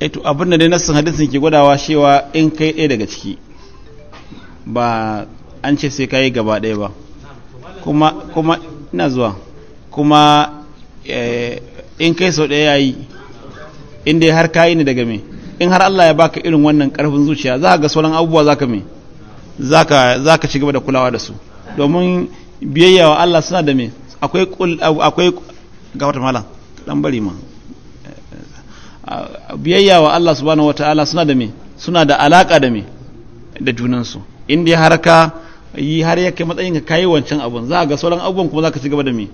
eto eh abin da dai nassin hadisin ke gwadawa cewa in kai ɗaya daga ciki ba an ce sai kayi gaba ɗaya ba kuma kuma ina zuwa kuma eh, in kai sau ɗaya yayi in dai har kayi ne daga me in har Allah ya baka irin wannan karfin zuciya za ka ga sauran abubuwa za ka me za ka ci gaba da kulawa da su domin biyayya wa Allah suna da me akwai akwai ga wata malam dan bari ma biyayya wa Allah subhanahu ta'ala suna da me suna da alaka da me da junansu in dai har ka yi har ya kai matsayin ka kai wancan abun za ga sauran abubuwan kuma za ka ci gaba da me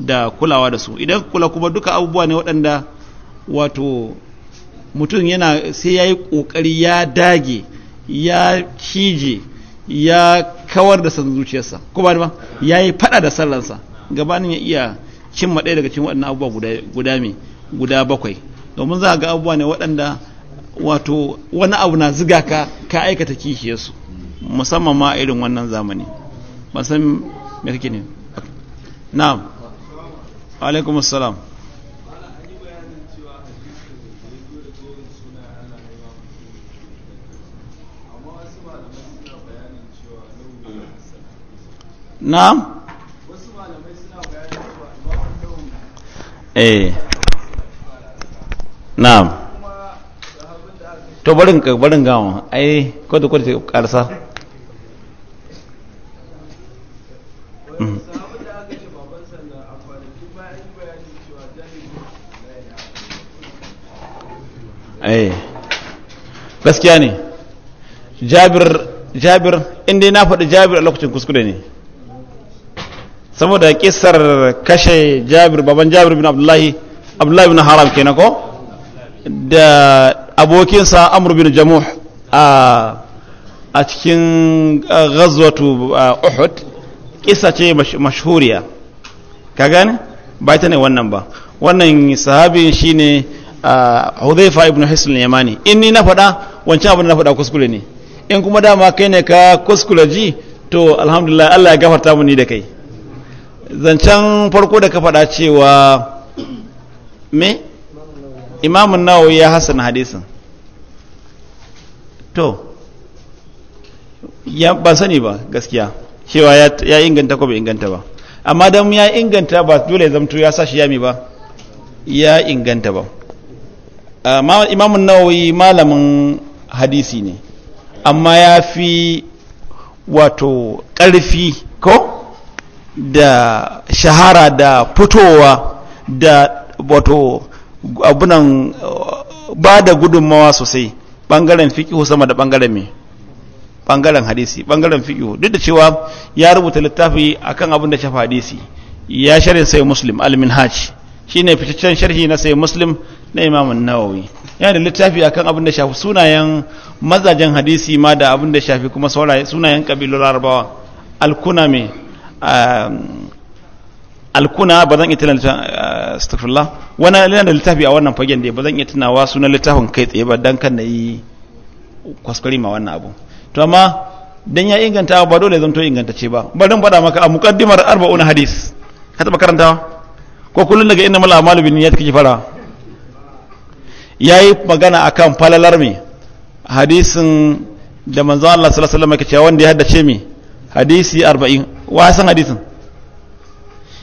da kulawa da su idan kula kuma duka abubuwa ne waɗanda wato mutum yana sai yayi kokari ya dage ya kije ya kawar da san zuciyarsa kuma ba ya yi faɗa da sallansa gabanin ya iya cimma ɗaya daga cikin waɗannan abubuwa guda guda me guda bakwai domin za a ga abubuwa ne waɗanda wato wani abu na ziga ka ka aikata su musamman ma irin wannan zamani ban san me kake ne na'am alaikum assalam na'am eh na'am to barin barin gawo ai kwata kwata karsa mm. ai gaskiya ne jabir jabir inda na faɗi jabir a lokacin kuskure ne saboda kisar kashe jabir baban jabir bin abdullahi abdullahi bin haram kenan ko da abokinsa amur bin jamuh a cikin cikin a uhud kisa ce mashuriya ka gane ba ita ne wannan ba wannan sahabin shine huzaifa ibn hisl yamani in ni na faɗa wancan abin na faɗa kuskure ne in kuma dama kai ne ka kuskure ji to alhamdulillah Allah ya gafarta mu ni da kai zancen farko da ka faɗa cewa me imamun nawawi ya hasan hadisin to ya ba sani ba gaskiya cewa ya inganta ko bai inganta ba amma don ya inganta ba dole zamto ya sashi yami ba ya inganta ba imamun nawawi malamin hadisi ne amma ya fi wato ƙarfi ko da shahara da fitowa da wato abunan ba da gudunmawa sosai bangaren fiƙihu sama da bangaren me bangaren hadisi bangaren fiƙihu duk da cewa ya rubuta littafi akan abin da shafa hadisi ya sharhin sai muslim al-minhaj shine fitaccen sharhi na sai muslim na imam nawawi yana da littafi akan abin da shafi sunayen mazajen hadisi ma da abin da shafi kuma sunayen kabilun larabawa alkuna me um, alkuna ba zan iya tana eh, astaghfirullah wani yana da littafi a wannan fagen da ba zan iya wa suna littafin kai tsaye ba don kan na yi kwaskwari ma wannan abu to amma don ya inganta ba dole zan to inganta ce ba bari faɗa maka a mukaddimar arba'un hadis ka taɓa wa ko kullum daga inda mala amalu bin niyyat kike fara ya yi magana a kan falalar me hadisin da manzan Allah sallallahu alaihi wasallam ya cewa wanda ya haddace me hadisi 40 wa san hadisin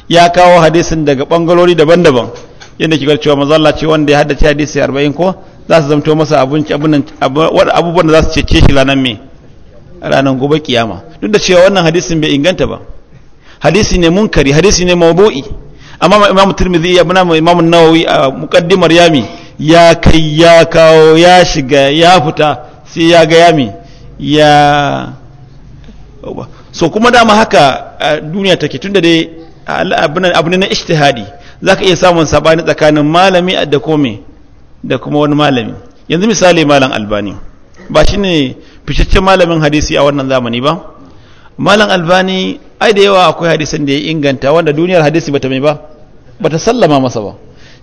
ya kawo hadisin daga bangalori daban-daban yadda kika cewa mazalla ce wanda ya haddace hadisi 40 ko za su zamto masa abinci abubuwan da za su cece shi ranar me ranar gobe kiyama duk da cewa wannan hadisin bai inganta ba hadisi ne munkari hadisi ne mawdu'i amma imamu turmizi ya mai imamu nawawi a mukaddimar yami ya kai ya kawo ya shiga ya fita sai ya ga yami ya so kuma dama haka duniya take tunda dai abu ne na za ka iya samun sabani tsakanin malami da kome da kuma wani malami yanzu misali malam albani ba ne fitaccen malamin hadisi a wannan zamani ba malam albani ai da yawa akwai hadisin da ya inganta wanda duniyar hadisi bata mai ba bata sallama masa ba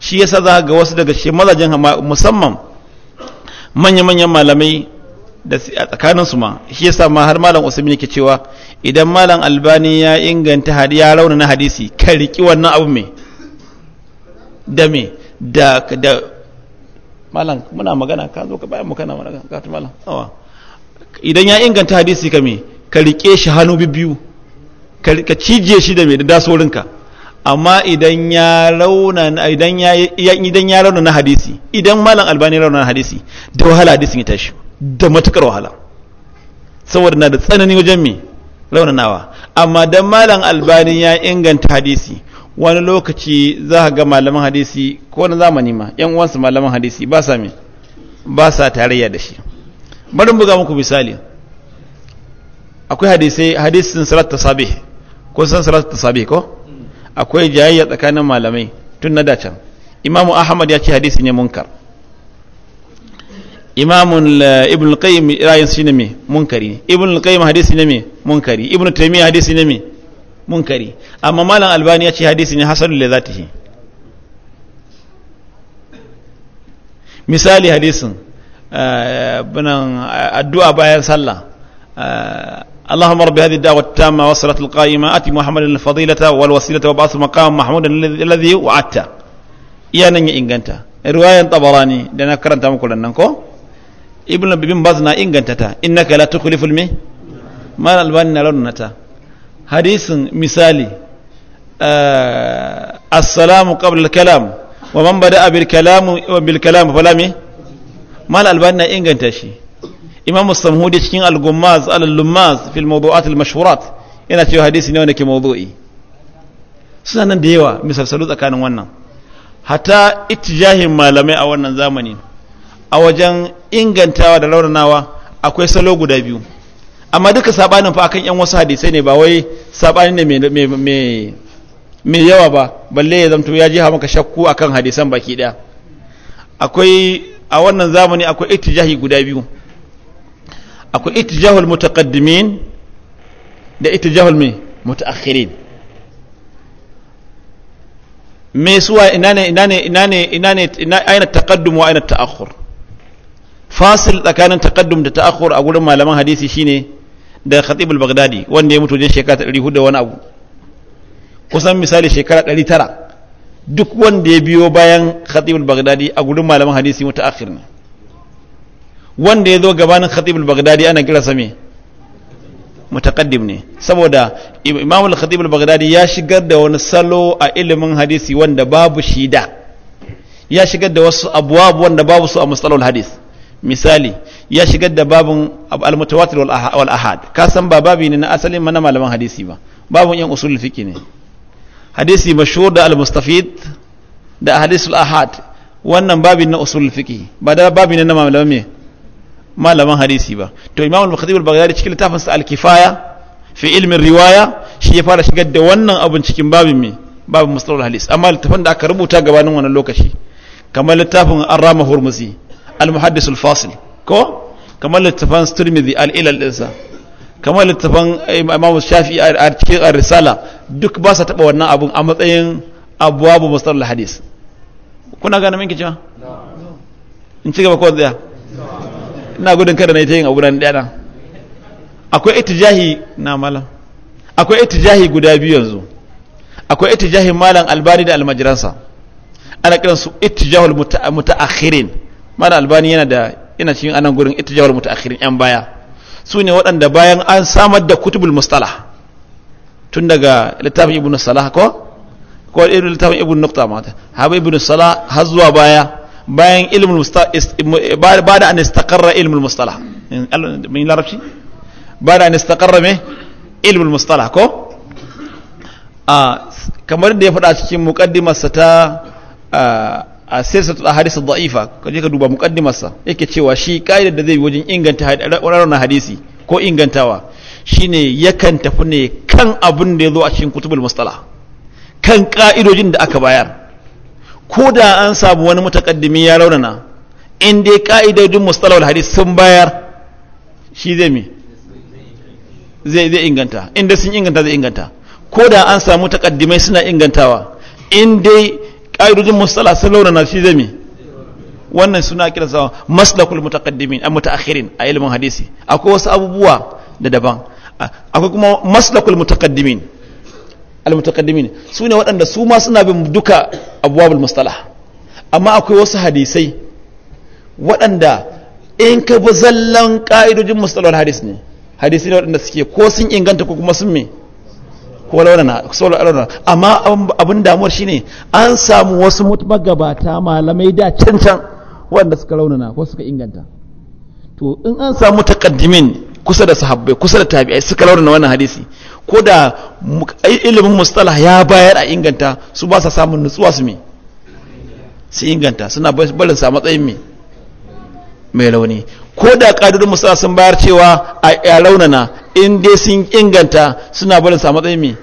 shi yasa za ga wasu daga shi mazajen musamman manya-manyan malamai da tsakaninsu ma shi yasa ma har malam usman yake cewa idan malam albani ya inganta hadi ya rauna na hadisi ka riki wannan abu me da me da da malam muna magana ka zo ka bayan mu kana magana ka ta malam awa idan ya inganta hadisi ka me ka rike shi hannu biyu ka cije shi da me da dasorinka amma idan ya rauna idan ya idan ya rauna na hadisi idan malam albani rauna na hadisi da wahala hadisin ya tashi da matukar wahala saboda na da tsanani wajen mai raunanawa amma dan malam albani ya inganta hadisi wani lokaci za ga malaman hadisi ko na zamani ma yan uwansu malaman hadisi ba sa mai ba sa tarayya da shi bari buga muku misali akwai hadisai hadisin salat sabi ko san salat sabi ko akwai jayayya tsakanin malamai tun na dacan imamu ahmad ya ce hadisi ne munkar imam ibn al-qayyim ra'ayin shi ne me munkari ne ibn al-qayyim hadisi ne me munkari ibn taymiya hadisi ne me munkari amma malam albani ya ce hadisi ne hasanul li zatihi misali hadisin binan addu'a bayan sallah اللهم رب هذه الدعوة التامة والصلاة القائمة أتي محمد الفضيلة والوسيلة وبعث المقام محمود الذي وعدته يعني إنجنتا رواية طبراني لأن كرنت أمكو لأنكو ibn bin baz na inganta ta innaka la tukhliful me mal albani na raunata hadisin misali eh, assalamu qabla al-kalam wa man bada bil kalam wa bil kalam fala me mal albani na inganta shi imam samhudi cikin al-gummaz al-lummaz fil mawdu'at al yana cewa hadisi ne wanda ke mawdu'i suna nan da yawa misal misalsalu tsakanin wannan hatta ittijahin malamai a wannan zamanin. a wajen ingantawa da launanawa akwai salo guda biyu amma duka sabanin fa akan yan wasu hadisai ne ba wai sabani ne mai yawa ba balle ya zamto ya ji jiha maka shakku akan hadisan baki daya akwai a wannan zamani akwai ittijahi guda biyu akwai ittijahul mutaqaddimin da ittijahul mai mutaakhirin me suwa ina ne ina ne ina ne ina ne aina taqaddum wa aina ta'akhur fasil tsakanin taqaddum da ta'akhur a gurin malaman hadisi shine da khatib al-baghdadi wanda ya mutu je shekara 400 da wani abu kusan misali shekara 900 duk wanda ya biyo bayan khatib al-baghdadi a gurin malaman hadisi mutaakhir ne wanda ya zo gabanin khatib al-baghdadi ana kira sa me mutaqaddim ne saboda imam al-khatib al-baghdadi ya shigar da wani salo a ilimin hadisi wanda babu shida ya shigar da wasu abwab wanda babu su a mustalahul hadisi misali ya shigar da babun al-mutawatir wal ahad ka san ba babi ne na asalin mana malaman hadisi ba babun yan usul fiqi ne hadisi mashhur da al-mustafid da hadisul ahad wannan babin na usul fiqi ba da babi ne na malaman me malaman hadisi ba to imam al-khatib al-baghdadi cikin littafin sa al-kifaya fi ilmin riwaya shi ya fara shigar da wannan abun cikin babin me babin mustalahul hadis amma littafin da aka rubuta gabanin wannan lokaci kamar littafin ar-rama hurmuzi al-muhaddis ko kamar littafan tirmidhi dinsa kamar littafan imam shafi'i a cikin ar-risala duk ba sa wannan abun a matsayin abwabu mustalal hadis kuna gane minki cewa in gaba ko tsaya ina gudun kada na yi ta yin abu nan na malam akwai guda biyu yanzu akwai itijahin malam albani da almajiransa ana kiran su itijahul mutaakhirin mala albani yana da yana cikin anan gurin ittijawar mutaakhirin yan baya su ne waɗanda bayan an samar da kutubul mustalah tun daga littafin ibn salah ko ko irin littafin ibn nuqta ma Haba ibn salah har zuwa baya bayan ilmul mustalah ba da an istaqarra ilmul mustalah min larabci ba da an istaqarra me ilmul mustalah ko a ah, kamar da ya faɗa cikin muqaddimarsa ta ah, a sirsa ta hadisi da'ifa ka je ka duba muqaddimarsa yake cewa shi kaidar da zai wajen inganta rawanar hadisi ko ingantawa shine yakan tafi ne kan abin da ya zo a cikin kutubul mustala kan ka'idojin da aka bayar ko da an samu wani mutaqaddimi ya raunana in dai ka'idojin wal hadisi sun bayar shi zai mi zai zai inganta in dai sun inganta zai inganta ko da an samu takaddimai suna ingantawa in dai ƙa'idojin mustala sun launa na shi zami wannan suna kira sa maslakul mutaqaddimin a mutaakhirin a ilimin hadisi akwai wasu abubuwa da daban akwai kuma maslakul mutaqaddimin al mutaqaddimin su ne waɗanda su ma suna bin duka abwabul mustala amma akwai wasu hadisai waɗanda in ka bi zallan ƙa'idojin mustalahul hadis ne hadisi ne waɗanda suke ko sun inganta ko kuma sun me ko launana, ko laurana amma abin damuwar shine an samu wasu magabata malamai da cancan wanda suka launana ko suka inganta to in an samu takaddimin kusa da sahabbai kusa da tabi'ai suka laurana wannan hadisi ko da ilimin mustala ya bayar a inganta su ba sa samun nutsuwa su me su inganta suna barin sa matsayin me mai launi ko da ƙadurin mustalah sun bayar cewa a launana in dai sun inganta suna barin samu tsaye mai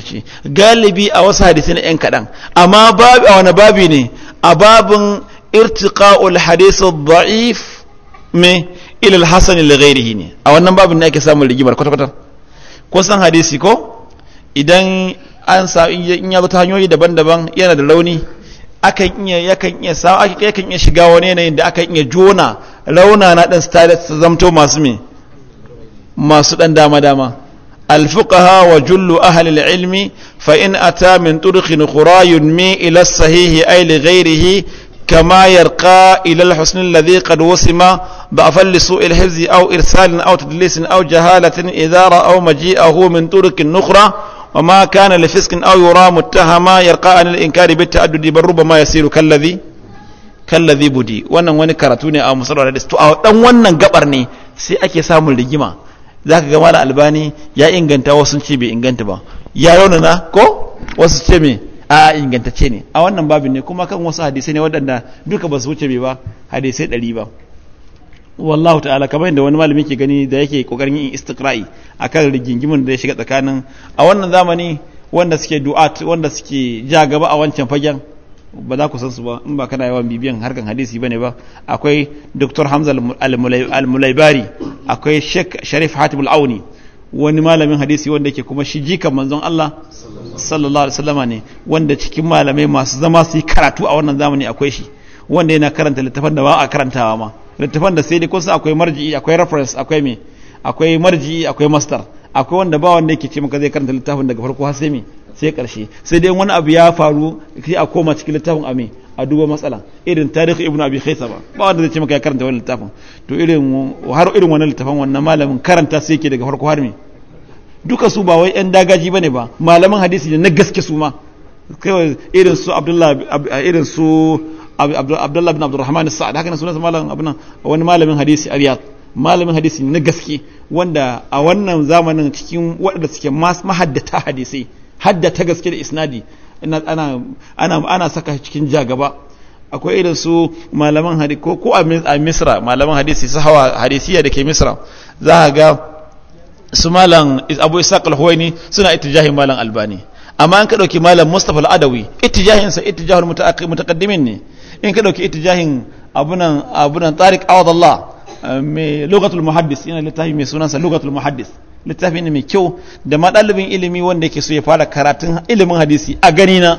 ce galibi a wasu hadisi na yan kaɗan amma babu a wani babi ne a babin irtiqa'ul hadith da'if me ilil hassan hasan li ne a wannan babin ne ake samun rigimar kwatakwatar. kwata ko san hadisi ko idan an sa in ya zo ta hanyoyi daban-daban yana da launi akan iya yakan iya sa akan iya shiga wani yanayin da akan iya jona launa na dan stylist zamto masu mai. masu ɗan dama-dama الفقهاء وجل أهل العلم فإن أتى من طرق أخرى ينمي إلى الصحيح أي لغيره كما يرقى إلى الحسن الذي قد وسم ضعفا لسوء الحفظ أو إرسال أو تدليس أو جهالة إذارة أو مجيئه من طرق أخرى وما كان لفسق أو يرى متهما يرقى عن الإنكار بالتعدد بل ربما يسير كالذي كالذي بدي wannan wani karatu ne a musulun da su a dan wannan gabar ne sai ake samun rigima za ka gama da albani ya inganta wasu ce bai inganta ba ya raunana ko wasu ce mai a ingantacce ne a wannan babin ne kuma kan wasu hadisai ne waɗanda duka ba su wuce bai ba hadisai ɗari ba wallahu ta'ala kamar yadda wani malami ke gani da yake kokarin yin istiqra'i akan rigingimin da ya shiga tsakanin a wannan zamani wanda suke du'at wanda suke ja gaba a wancan fagen ba za ku san su ba in ba kana yawan bibiyan harkan hadisi bane ba akwai Dr. Hamza al-Mulaibari akwai Sheikh Sharif hatib al-Auni wani malamin hadisi wanda ke kuma shi jikan manzon Allah sallallahu alaihi wasallama ne wanda cikin malamai masu zama su yi karatu a wannan zamani akwai shi wanda yana karanta littafan da ba a karantawa ma littafan da sai dai kusa akwai marji'i akwai reference akwai me akwai marji'i akwai master akwai wanda ba wanda yake ce maka zai karanta littafin daga farko har sai me sai karshe sai dai wani abu ya faru sai a koma cikin littafin ame a duba matsala irin tarihi ibnu abi khaisa ba ba wanda zai ce maka ya karanta wannan littafin to irin har irin wannan littafin wannan malamin karanta sai yake daga farko har me duka su ba wai yan dagaji bane ba malaman hadisi ne na gaske su ma irin su abdullahi irin su abdullahi bin abdurrahman sa'ad haka ne sunan malamin abuna wani malamin hadisi a riyad malamin hadisi na gaske wanda a wannan zamanin cikin waɗanda suke mahaddata hadisai hadda ta gaske da isnadi ana saka cikin ja gaba akwai irin su malaman hadisi ko ko a misra malaman hadisi su hawa hadisiya da ke misra za a ga su malam abu isaac al-huwaini suna itijahin malam albani amma an ka dauki malam mustapha al-adawi itijahin sa itijahul mutaqaddimin ne in ka dauki itijahin abunan abunan tariq awadallah eh, mai lugatul muhaddis yana littafi mai sunansa lugatul muhaddis littafi ne mai kyau da ma ɗalibin ilimi wanda yake so ya fara karatun ilimin hadisi a gani na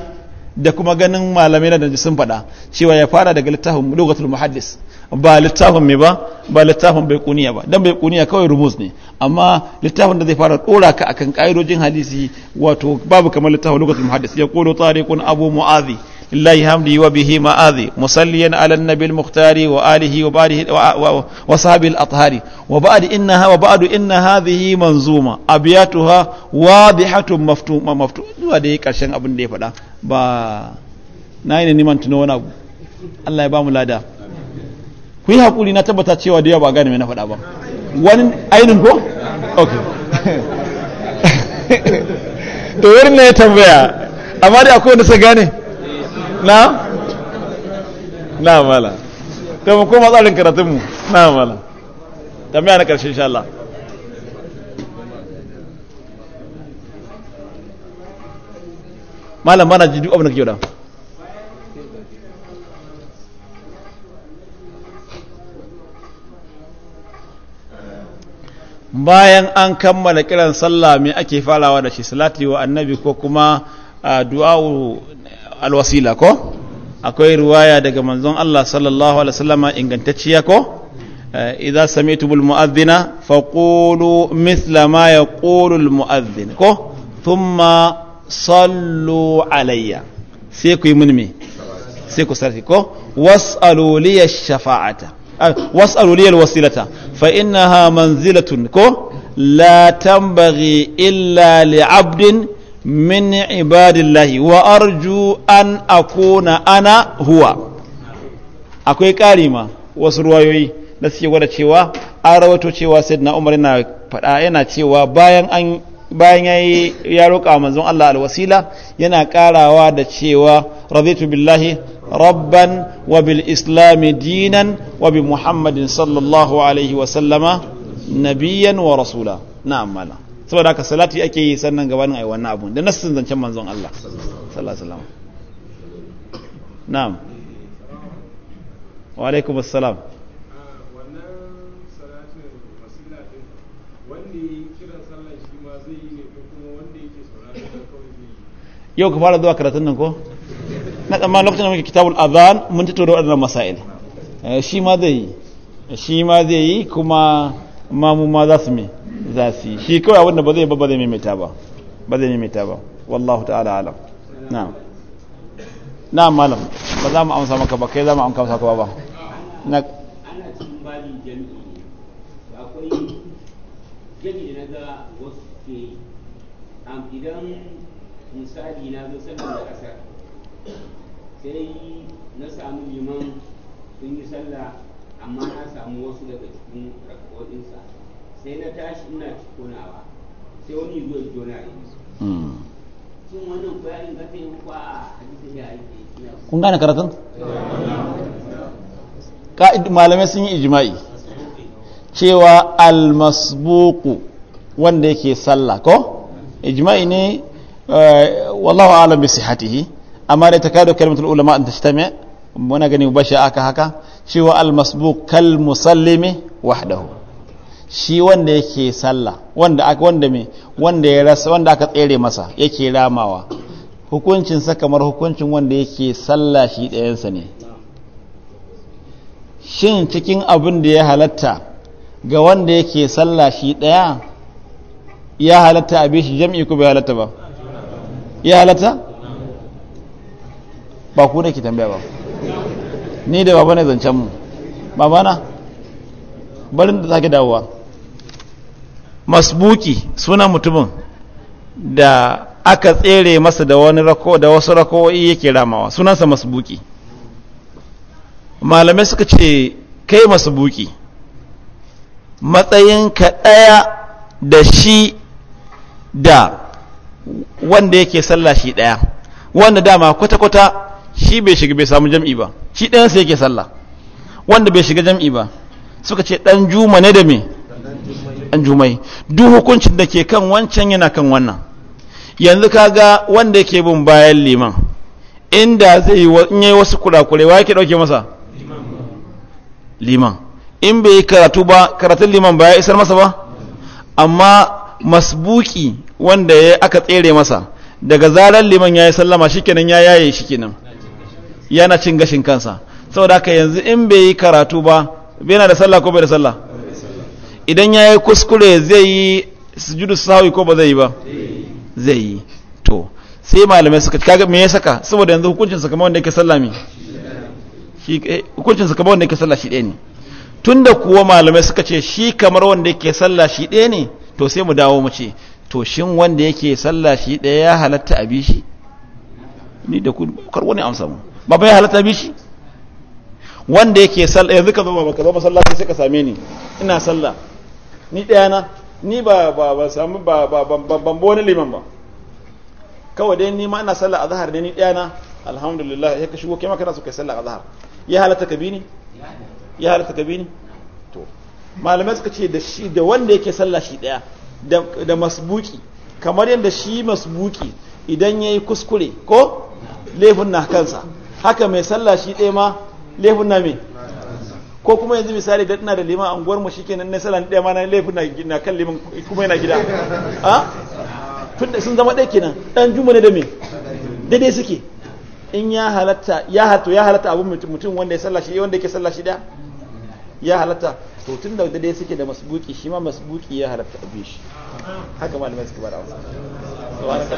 da kuma ganin malamai da sun faɗa cewa ya fara daga littafin lugatul muhaddis ba littafin mai ba ba littafin bai kuniya ba dan bai kuniya kawai rubus ne amma littafin da zai fara dora ka akan kaidojin hadisi wato babu kamar littafin lugatul muhaddis ya qulu tariqun abu muazi لله حمدي وبه مآذي مصليا على النبي المختار وآله وبعده وصحبه الأطهار وبعد إنها وبعد إن هذه منظومة أبياتها واضحة مفتومة مفتومة ودي كرشن أبن دي فدا با ناين نيمان تنو أبو الله يبام لادا ku yi haƙuri na tabbata cewa da yawa ba gane mai na faɗa ba wani ainihin ko? ok to wurin na ya tambaya amma da akwai wanda suka gane na na mala ta mu koma tsarin karatunmu na mala tambaya na ƙarshe insha Allah malam bana ji duk abin da yau da bayan an kammala kiran sallah mai ake farawa da shi salati wa annabi ko kuma ah, du'awu alwasila ko akwai ruwaya daga manzon Allah sallallahu alaihi wasallama ingantacciya ko eh, idza sami'tum almu'adhdhina faqulu mithla ma yaqulu almu'adhdhin ko thumma sallu alayya sai ku yi mun me sai ku sarfi ko was'alu li ash-shafa'ata ah, was'alu li al-wasilata fa innaha manzilatun ko la tanbaghi illa li 'abdin min ibadillahi wa arju an akuna ana huwa akwai ƙari wasu ruwayoyi da suke gwada cewa an rawato cewa sayyidina umar yana faɗa yana cewa bayan an bayan yayi ya roƙa manzon Allah alwasila yana ƙarawa da cewa raditu billahi rabban wa bil islami dinan wa bi muhammadin sallallahu alaihi wa sallama nabiyan wa rasula na'am malam saboda haka salati ake yi sannan gabanin ayi wannan abun da nassin zancen manzon Allah sallallahu alaihi wasallam na'am wa alaikum assalam ah, yau ka fara zuwa karatun nan ko na tsammanin lokacin da muke kitabul azan mun tattauna waɗannan masail eh, shi ma zai yi shi ma zai yi kuma mu ma za su mi za su yi shi kawai wanda ba zai ba ba zai maimaita ba ba zai maimaita ba wallahu ta'ala alam na'am na'am malam ba za mu amsa maka ba kai za mu amsa maka ba na gani da naga wasu ke am idan misali na zo sallar da kasar sai na samu liman sun yi sallah amma na samu wasu daga cikin rakawoɗinsa sai na tashi ina cikonawa sai wani zuwa jona ne hmm. shin wannan bayanin ka ta yi kuwa a hadisun ya yi kun gane karatun ka'id malamai sun yi ijima'i cewa almasbuku wanda yake sallah ko ijima'i ne eh, wallahu a'lam bi sihhatihi amma da ta takadu kalmatul ulama an tastami' muna gani bashi aka haka cewa almasbuk kal musallimi wahdahu shi wanda yake sallah wanda aka wanda me wanda ya rasa wanda aka tsere masa yake ramawa hukuncin sa kamar hukuncin wanda yake sallah shi ɗayansa ne shin cikin abin da ya halatta ga wanda yake sallah shi ɗaya ya halatta a shi jam'i ko bai halatta ba ya halatta ba ku ne ke tambaya ba ni da babana zancen mu babana barin da sake dawowa masbuki suna mutumin da aka tsere masa da wani rako da wasu rako'i yake ramawa sunansa masbuki malamai suka ce kai masbuki matsayinka ɗaya da shi da wanda yake sallah shi ɗaya wanda dama kwata-kwata shi bai shiga bai samu jam'i ba shi ɗayan sai yake sallah wanda bai shiga jam'i ba suka ce ɗan juma ne da me ɗan jumai duk hukuncin da ke kan wancan yana kan wannan yanzu ka ga wanda yake bin bayan liman inda zai yi wasu kurakurai wa yake ɗauke masa liman in bai yi karatu ba karatun liman ba ya isar masa ba amma masbuki wanda ya aka tsere masa daga zarar liman ya yi sallama kenan ya yaye kenan yana cin gashin kansa saboda haka yanzu in bai yi karatu ba yana da sallah ko bai da sallah idan ya yi kuskure zai yi sujudu sahawi ko ba zai yi ba zai yi to sai malamai suka kaga me ya saka saboda yanzu hukuncin sa kamar wanda yake sallah me shi eh, hukuncin sa kamar wanda yake sallah shi ɗaya ne tunda kuwa malamai suka ce shi kamar wanda yake sallah shi ɗaya ne to sai mu dawo mu ce to shin wanda yake sallah shi ɗaya ya halatta a bi shi ni da ku kar wani amsa mu ba bai halatta bi shi wanda yake sallah yanzu ka zo ba ka zo masallaci sai ka same ni ina sallah ni ɗaya na ni ba ba ba samu ba ba ban wani liman ba kawai dai ni ma ina sallah azhar ne ni ɗaya na alhamdulillah ya ka shigo kai ma kana so kai sallah azhar ya halatta ka bi ni ya halatta ka bi ni to malamai suka ce da shi da wanda yake sallah shi ɗaya da masbuki kamar yadda shi masbuki idan ya yi kuskure ko laifin na kansa haka mai sallah shi ɗaya ma laifin na me ko kuma yanzu misali da ina da lima anguwar mu shi kenan na sallah ɗaya ma na laifin na kan liman kuma yana gida a tun da sun zama ɗaya kenan ɗan juma ne da me daidai suke in ya halatta ya halatta ya halatta abun mutum wanda ya sallah shi wanda yake sallah shi ɗaya ya halatta to tun da daidai suke da masbuki shi ma masbuki ya halatta abin shi haka malamai ba da wasu